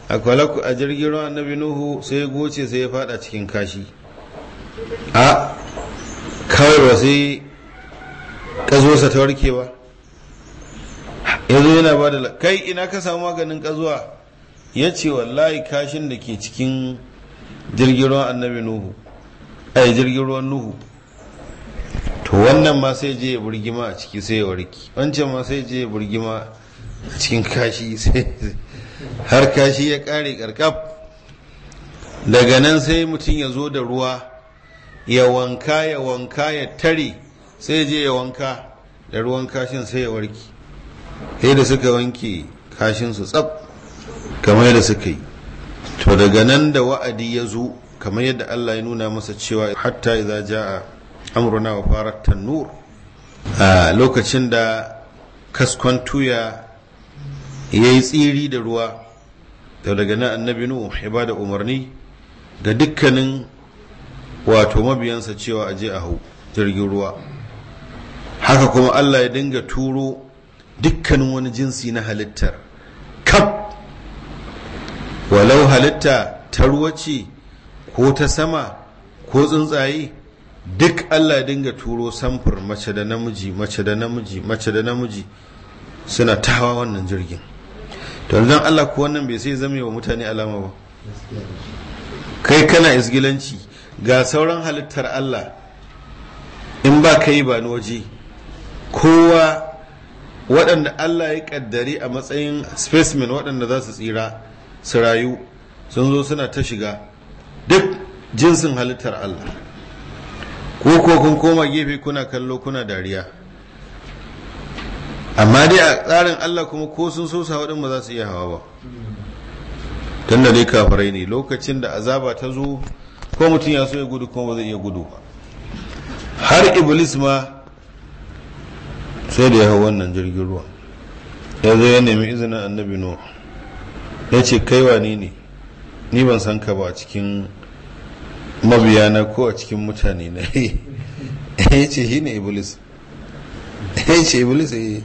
[SPEAKER 1] a kwalaku a jirgin ruwa annabi nuhu sai ya goce sai ya fada cikin kashi a kawai ba sai kazuwarsa ta warke ba yanzu yana ba da kai ina ka samu maganin kazuwa ya ce wallahi kashin da ke cikin jirgin ruwan annabi nuhu ai jirgin ruwan nuhu to wannan ma sai je ya burgima a ciki sai ya warki wancan ma sai je ya burgima a cikin kashi sai har kashi ya kare karkaf daga nan sai mutum ya zo da ruwa ya wanka ya wanka ya tare sai je ya wanka da ruwan kashin sai ya warki sai da suka wanke kashinsu tsab kamar yadda suka yi to daga nan da wa'adi ya zo kamar yadda Allah ya nuna masa cewa hatta idza jaa amruna wa farat tanur a lokacin da kaskon tuya yayi tsiri da ruwa to daga nan annabi nu ya bada umarni ga dukkanin wato mabiyansa cewa a je a hau jirgin ruwa haka kuma Allah ya dinga turo dukkanin wani jinsi na halittar kaf walau halitta ta ruwa ce ko ta sama ko tsuntsaye duk allah dinga turo samfur mace da namiji mace da namiji mace da namiji suna tawa wannan jirgin to don allah ko wannan bai sai zama wa mutane alama ba kai kana isgilanci ga sauran halittar allah in ba ka yi ba ni waje kowa waɗanda allah ya ƙaddari a matsayin spacemen waɗanda za su tsira su rayu sun zo suna ta shiga duk jinsin halittar Allah ko ko kun koma gefe kuna kallo kuna dariya amma dai a tsarin Allah kuma ko sun so sa waɗin ba za su iya hawa ba tun da dai kafirai ne lokacin da azaba ta zo ko mutum ya so ya gudu ko ba zai iya gudu ba har iblis ma sai da ya hau wannan jirgin ruwa ya zo ya nemi izinin annabi nuhu ya ce kai wane ne ni ban san ka ba a cikin na ko a cikin mutane na ya ce shi ne iblis ya ce iblis ya eh. yi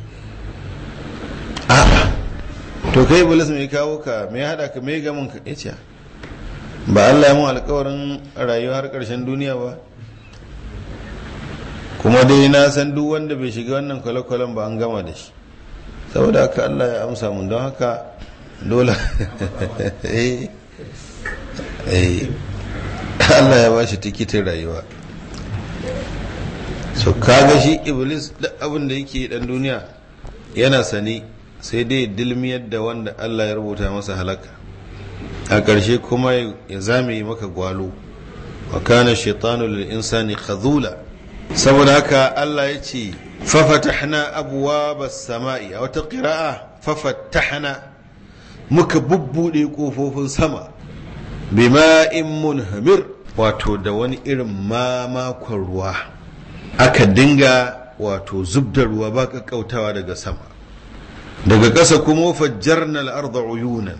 [SPEAKER 1] to kai iblis mai kawo ka mai haɗa ka mai gamin ka ya ce ba Allah ya mun alkawarin rayuwa har ƙarshen duniya ba kuma dai na san duk wanda bai shiga wannan kwale-kwalen ba an gama da shi saboda haka Allah ya amsa mun don haka dole eh. Eh. Allah ya bashi tikitin rayuwa so kaga shi iblis duk abin da yake dan duniya yana sani sai dai dilmiyar da wanda Allah ya rubuta masa halaka a ƙarshe kuma ya zame maka gwalo wa kana shaitanu lil insani khazula
[SPEAKER 2] saboda haka
[SPEAKER 1] Allah ya ce fafatahna ba sama'i a wata ƙira'a fafatahna muka bubbuɗe ƙofofin sama bima'in munhamir wato da wani irin mamakon ruwa aka dinga wato zub da ruwa ba kautawa daga sama daga ƙasa kuma fajjarna al'arda uyunan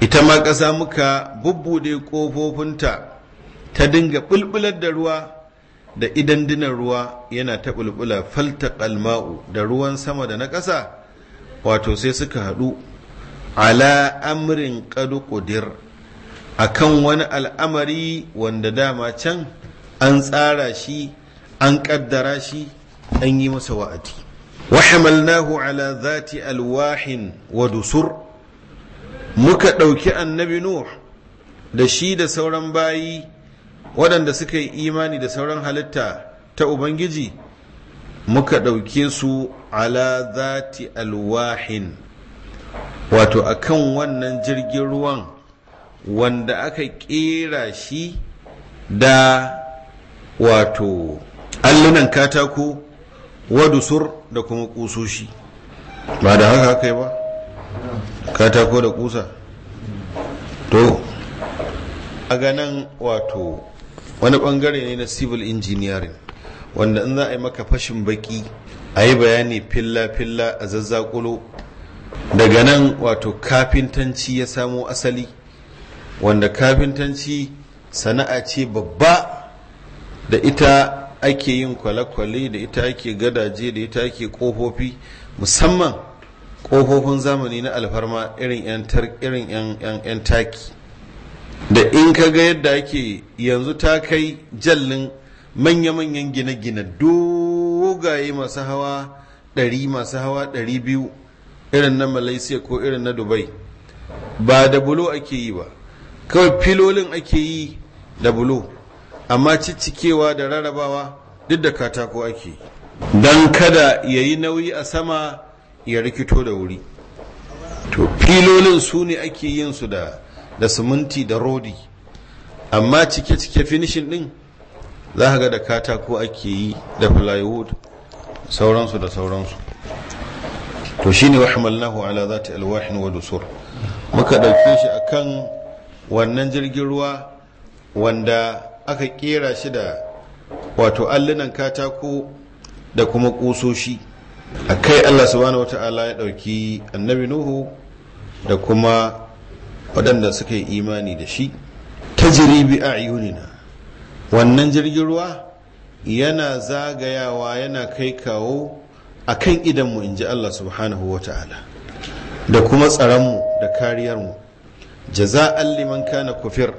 [SPEAKER 1] ita ma ƙasa muka bubbuɗe ƙofofinta ta dinga bulbular da ruwa da idan dina ruwa yana ta bulbula falta ƙalma'u da ruwan sama da na ƙasa wato sai suka haɗu ala amrin kadu kudir a kan wani al'amari wanda dama can an tsara shi an kaddara shi an yi masa wa'adi Wa hamalnahu ala zati alwahin wa dusur muka ɗauki annabi nuh da shi da sauran bayi waɗanda suka yi imani da sauran halitta ta ubangiji muka ɗauke su ala zati alwahin wato a kan wannan jirgin ruwan wanda aka kera shi da wato allunan katako wadusur da kuma kusoshi ba da haka kai ba katako da kusa to a ganin wato wani bangare ne na civil engineering wanda in za a yi maka fashin baki a yi bayani filla-filla a zazzakulo daga nan wato kafintanci ya samo asali wanda kafintanci sana'a ce babba da ita ake yin kwale-kwale da ita ake gadaje da ita ake ƙofofi musamman ƙofofin zamani na alfarma irin 'yan taki da in ka ga yadda ake yanzu ta kai jallin manya-manyan gine-gine dogaye masu hawa 100 masu hawa 200 irin na malaysia ko irin na dubai ba da bulo ake yi ba kawai filolin ake yi da bulo amma ciccikewa da rarrabawa duk da katako ake yi don kada ya yi nauyi a sama ya rikito da wuri to filolin su ne ake yin su da da siminti da rodi amma cike-cike finishin din za ga da katako ake yi da plywood sauransu da sauransu to shine wa hamalnahu ala zati alwahin wa dusur muka dauke shi akan wannan jirgin ruwa wanda aka ƙera shi da wato allunan katako da kuma kusoshi a kai allah subhanahu wa ta'ala ya ɗauki annabi nuhu da kuma waɗanda suka yi imani da shi ta jiribi a yunina wannan jirgin ruwa yana zagayawa yana kai kawo a kan idanmu in ji Allah subhanahu wa ta'ala da kuma tsaronmu da kariyarmu jaza'an liman kana kufir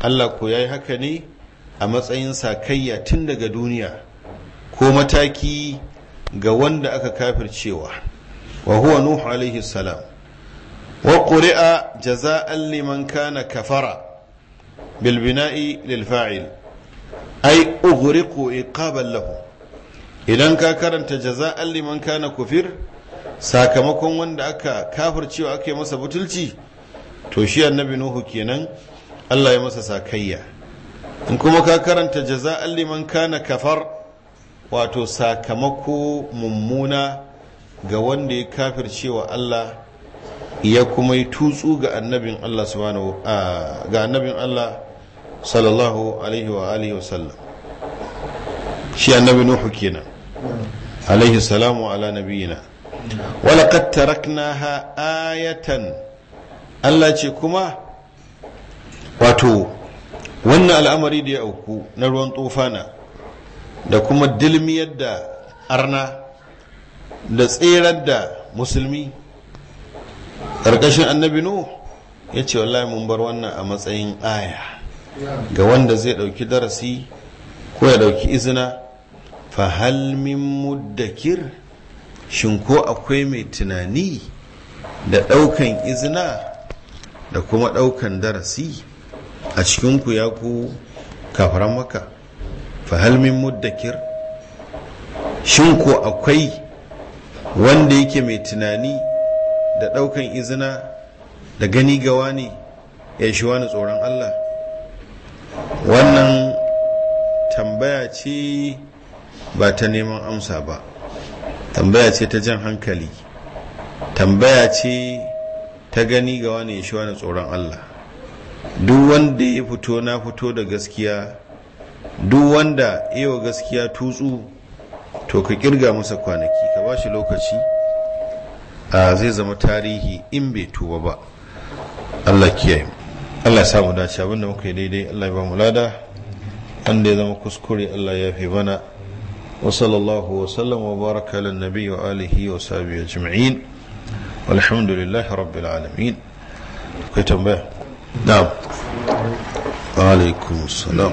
[SPEAKER 1] Allah ko ya yi haka ne a matsayin sakayya tun daga duniya ko mataki ga wanda aka kafir cewa wa huwa nuhu alaihi salam wa ƙuri'a jaza'an liman kana kafara bilbina'i lilfa'il ai ugriqu iqaban lahu idan ka karanta jaza alliman kana kufir sakamakon wanda aka kafircewa aka yi masa butulci to shi annabi nuhu kenan Allah ya masa sakayya in kuma ka karanta jaza alliman kana kafar wato sakamako mummuna ga wanda ya kafircewa Allah ya kuma yi tutsu ga annabin Allah ga annabin Allah sallallahu alaihi wa alihi wasallam shi annabi nuhu kenan alaihi salamu ala nabiyina walaƙad taraknaha ayatan Allah ce kuma wato wannan al'amari da ya auku na ruwan tsofana da kuma dilmiyar da arna da tserar da musulmi ƙarƙashin annabi nu ya ce wallahi mun bar wannan a matsayin aya ga wanda zai ɗauki darasi ko ya ɗauki izina fahalmin muddakir shin ko akwai mai tunani da ɗaukan izina da kuma ɗaukan darasi a cikinku ya ku kafar maka fahalmin muddakir shin ko akwai wanda yake mai tunani da ɗaukan izina da gani gawa ne ya shi wani tsoron allah wannan tambaya ce ba ta neman amsa ba tambaya ce ta jan hankali tambaya ce ta gani ga wani ya shi wani tsoron Allah duk wanda ya fito na fito da gaskiya duk wanda iya gaskiya tutsu to ka kirga masa kwanaki ka ba shi lokaci a zai zama tarihi in bai tuba ba Allah kiyaye Allah ya samu dace abinda muka yi daidai Allah ya ba mu lada wanda ya zama kuskure Allah ya fi mana وصلى الله وسلم وبارك على النبي وآله وصحبه أجمعين والحمد لله رب العالمين كتب به نعم عليكم السلام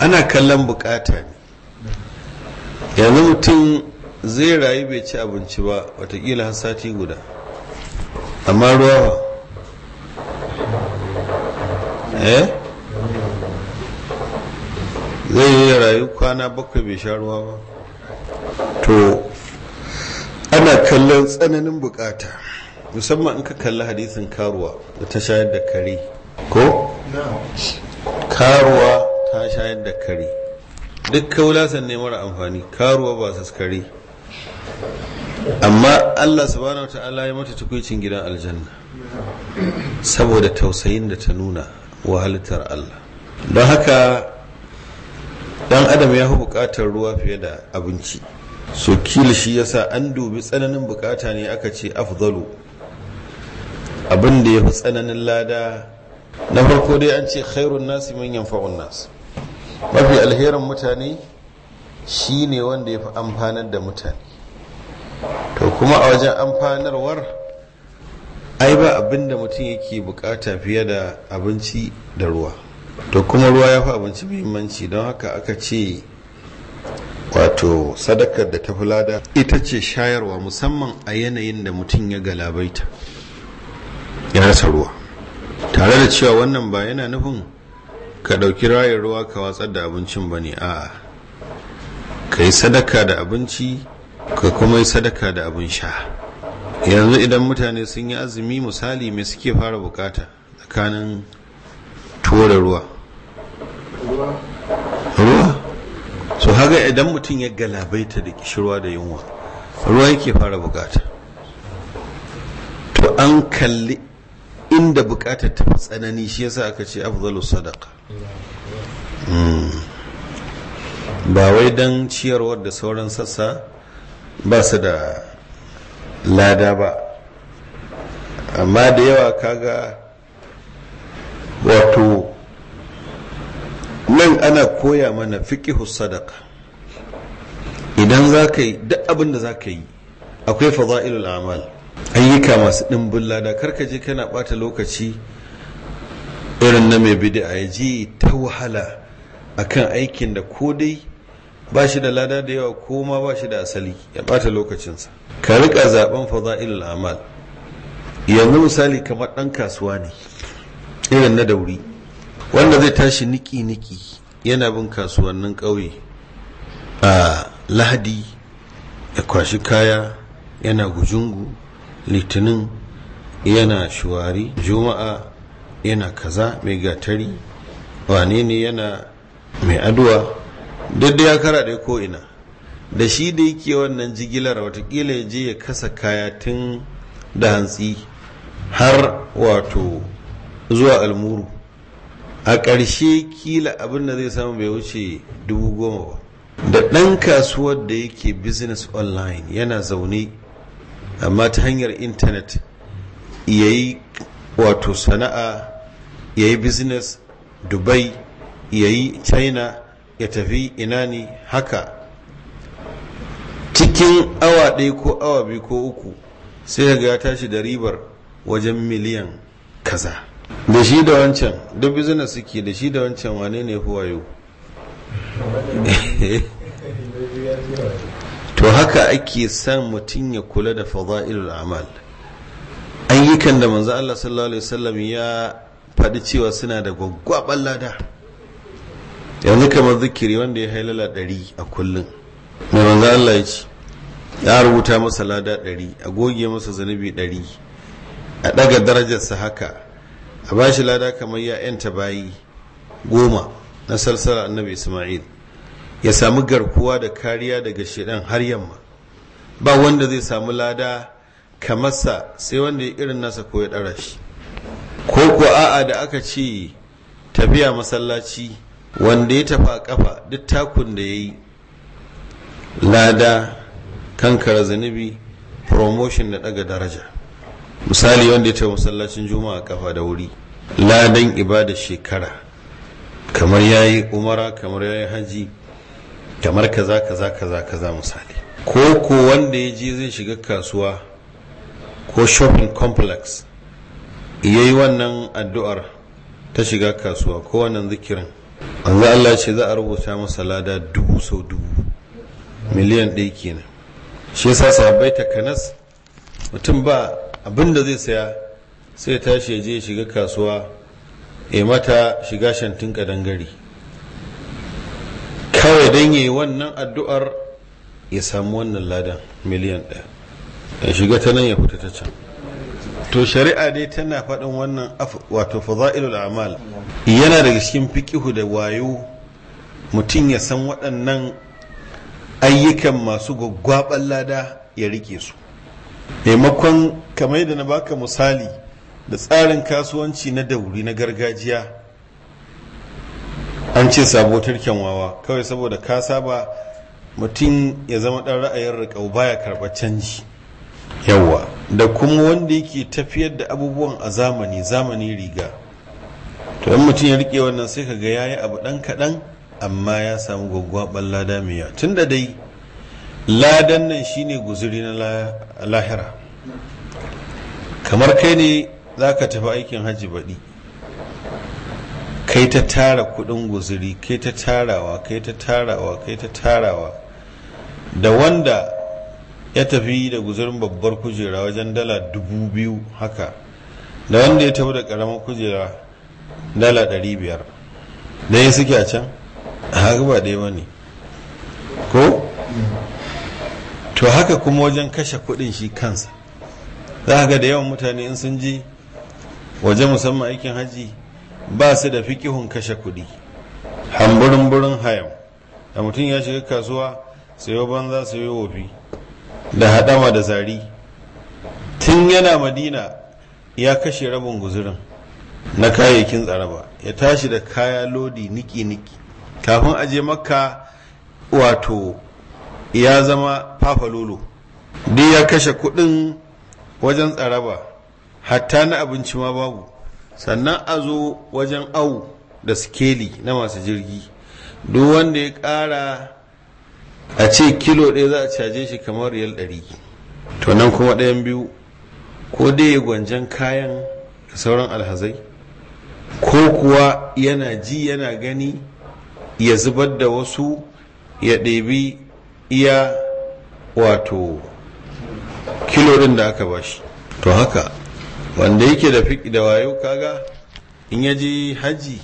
[SPEAKER 1] ana kallon bukata ne yanzu mutum zai rayu bai ci abinci ba watakila har sati guda amma ruwa eh zai yi rayu kwana bakwai bai sha ruwa ba to ana kallon tsananin bukata musamman in ka kalli hadisin karuwa da ta shayar da kare ko karuwa ta shayar da kare duk kaulasan ne mara amfani karuwa ba su kare amma allah subhanahu wa ta'ala ya mata tukwicin gidan aljanna saboda tausayin da ta nuna wa allah don haka dan adam ya fi bukatar ruwa fiye da abinci so kila shi yasa an dubi tsananin bukata ne aka ce afdalu abin da ya fi tsananin lada na farko dai an ce khairun nasi manyan yanfa'un nasi mafi alherin mutane shi ne wanda ya fi amfanar da mutane to kuma a wajen amfanarwar ai ba abin da mutum yake bukata fiye da abinci da ruwa to kuma ruwa ya fi abinci muhimmanci don haka aka ce wato sadakar da ta fi lada ita ce shayarwa musamman a yanayin da mutum ya galabaita ya rasa ruwa tare da cewa wannan ba yana nufin ka ɗauki rayar ruwa ka watsar da abincin ba ne a ka yi sadaka da abinci ka kuma yi sadaka da abin sha yanzu idan mutane sun yi azumi misali mai suke fara bukata tsakanin tuwo da ruwa ruwa so haga idan mutum ya galabaita da kishirwa da yunwa ruwa yake fara bukata to an kalli inda bukatar ta tsanani shi yasa aka ce afzalu sadaka Hmm. ba wai don ciyarwar da sauran sassa ba su da lada ba amma da yawa kaga wato nan ana koya mana fiƙihu sadaka idan za ka yi duk abin da za ka yi akwai faza'ilul amal ayyuka masu ɗimbin lada ka je kana ɓata lokaci irin na mai bidi'a ya ji ta wahala akan aikin da ko dai ba shi da lada da yawa ko ma ba shi da asali ya bata lokacinsa ka rika zaben fada'ilul amal yanzu misali kamar dan kasuwa ne irin na dauri wanda zai tashi niki-niki yana bin kasuwannin ƙauye a lahadi ya kwashi kaya yana gujungu litinin yana shuwari juma'a yana kaza mai gatari wane ne yana mai aduwa duk ya kara da ko ina da shi da yake wannan jigilar watakila ya je ya kasa kaya tun da hantsi har wato zuwa almuru a ƙarshe kila abin da zai samu bai wuce dubu goma ba da ɗan kasuwar da yake business online yana zaune amma ta hanyar intanet ya yi wato sana'a ya yi business dubai ya yi china ya tafi ina haka cikin awa ɗaya ko awa biyu ko uku sai ga ya tashi da ribar wajen miliyan kaza da shi da wancan duk business suke da shi da wancan wane ne huwayo
[SPEAKER 3] to haka
[SPEAKER 1] ake son mutum ya kula da fada'ilul amal ayyukan da manzo Allah sallallahu alaihi wasallam ya faɗi cewa suna da gwaggwaɓar lada yanzu kamar zikiri wanda ya hailala ɗari a kullum mai manzo Allah ya ce ya rubuta masa lada ɗari a goge masa zanubi ɗari a ɗaga darajarsa haka a ba shi lada kamar ya yanta bayi goma na salsala annabi ismail ya samu garkuwa da kariya daga shaidan har yamma ba wanda zai samu lada kamarsa sai wanda ya irin nasa ko ya ɗara shi ko ko a'a da aka ce tafiya masallaci wanda ya tafa kafa duk takun da ya yi lada kankara zunubi promotion da ɗaga daraja misali wanda ya tafi masallacin juma'a kafa da wuri ladan ibada shekara kamar ya yi umara kamar ya yi haji kamar kaza kaza kaza kaza misali ko ko wanda ya je zai shiga kasuwa ko shopping complex ya yi wannan addu'ar ta shiga kasuwa ko wannan zikirin an za Allah ce za a rubuta masa lada dubu sau dubu miliyan ɗaya kenan shi yasa sahabbai ta kanas mutum ba abin da zai saya sai tashi ya je shiga kasuwa ya mata shiga shantin kadangare kawai don yi wannan addu'ar ya samu wannan ladan miliyan ɗaya ya shiga ta nan ya fita ta can to shari'a dai tana faɗin wannan wato fada'ilul amal yana daga cikin fiqihu da wayo mutum ya san waɗannan ayyukan masu gwaggwaɓar lada ya rike su maimakon kamar da na baka misali da tsarin kasuwanci na dauri na gargajiya an ce sabotar kyanwawa kawai saboda ka saba mutum ya zama ɗan ra'ayin riƙau baya karɓar canji yawa da kuma wanda yake tafiyar da abubuwan a zamani zamani riga to in mutum ya rike wannan sai ka ga yayi abu dan kaɗan amma ya samu gwaggwaban lada mai yawa tunda dai ladan nan shine guzuri na lahira kamar kai ne za ka tafi aikin hajji baɗi kai ta tara kudin guzuri kai ta tarawa kai ta tarawa kai ta tarawa da wanda ya tafi da guzurin babbar kujera wajen dala dubu biyu haka da wanda ya tafi da karamar kujera dala ɗari biyar da ya suke a can a haka ba ɗaya ba ne ko to haka kuma wajen kashe kuɗin shi kansa za ga da yawan mutane in sun ji waje musamman aikin hajji ba su da fikihun kashe kuɗi hamburin burin hayan da mutum ya shiga kasuwa sayo banza sayo wofi da haɗama da zari tun yana madina ya kashe rabin guzurin na kayayyakin tsaraba ya tashi da kaya lodi niki-niki kafin je makka wato ya zama fafalolo duk ya kashe kudin wajen tsaraba hatta na abinci ma babu sannan a zo wajen awu da sikeli na masu jirgi duk wanda ya ƙara a ce kilo ɗaya za a caje shi kamar riyal ɗari to nan kuma ɗayan biyu ko dai gwanjan kayan da sauran alhazai ko kuwa yana ji yana gani ya zubar da wasu ya ɗebi iya wato kilo ɗin da aka bashi to haka wanda yake da fiƙi da wayo kaga in ya je haji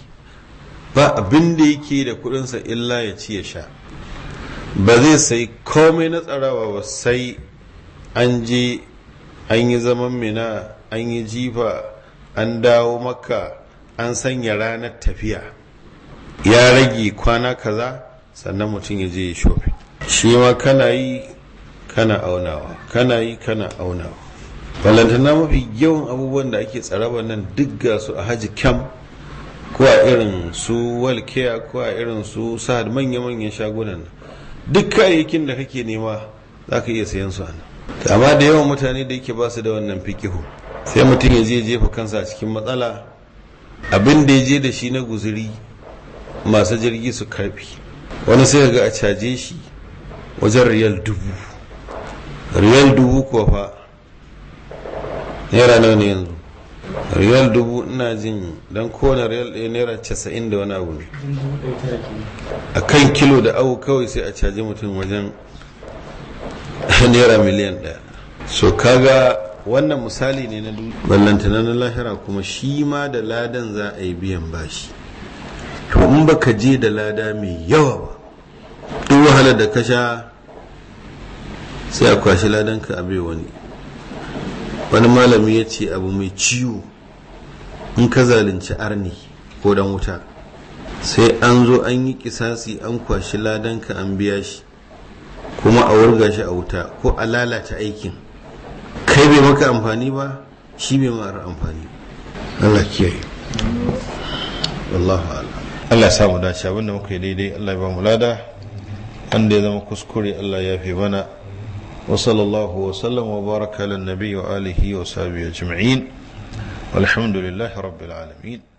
[SPEAKER 1] ba abinda yake da kudinsa illa ya ci ya sha ba zai sai komai na tsarawa ba sai an je an yi zaman mina an yi jifa an dawo maka, an sanya ranar tafiya ya rage kwana kaza sannan mutum ya je ya shofe shi ma kana yi kana aunawa kana yi kana aunawa balantana mafi yawan abubuwan da ake tsaraba nan duk ga su a haji kyam ko a irin su walkiya ko a irin su sahad manya-manyan shagunan nan duk kayayyakin da kake nema za ka iya sayan su a nan amma da yawan mutane da yake ba su da wannan fikihu sai mutum ya je jefa kansa a cikin matsala abin da ya je da shi na guzuri masu jirgi su karfi wani sai ga a caje shi wajen riyal dubu riyal dubu kuwa fa naira nawa ne yanzu riyal dubu ina jin don kowane riyal ɗaya naira casa'in da wani abu ne a kan kilo da abu kawai sai a caji mutum wajen naira miliyan ɗaya so kaga wannan misali ne na ballantana na lahira kuma shi ma da ladan za a yi biyan bashi to in baka je da lada mai yawa ba duk wahalar da ka sha sai a kwashi ladanka a bai wani wani malami ya ce abu mai ciwo in ka zalunci arni ko dan wuta sai an zo an yi kisasi an kwashi ladanka an biya shi kuma a wurga shi a wuta ko a lalata aikin kai bai maka amfani ba shi bai mara amfani Allah kiyaye wallahu Allah ya samu dace abinda muka yi daidai Allah ya ba mu lada wanda ya zama kuskure Allah ya fi mana وصلى الله وسلم وبارك على النبي وآله وصحبه أجمعين والحمد لله رب العالمين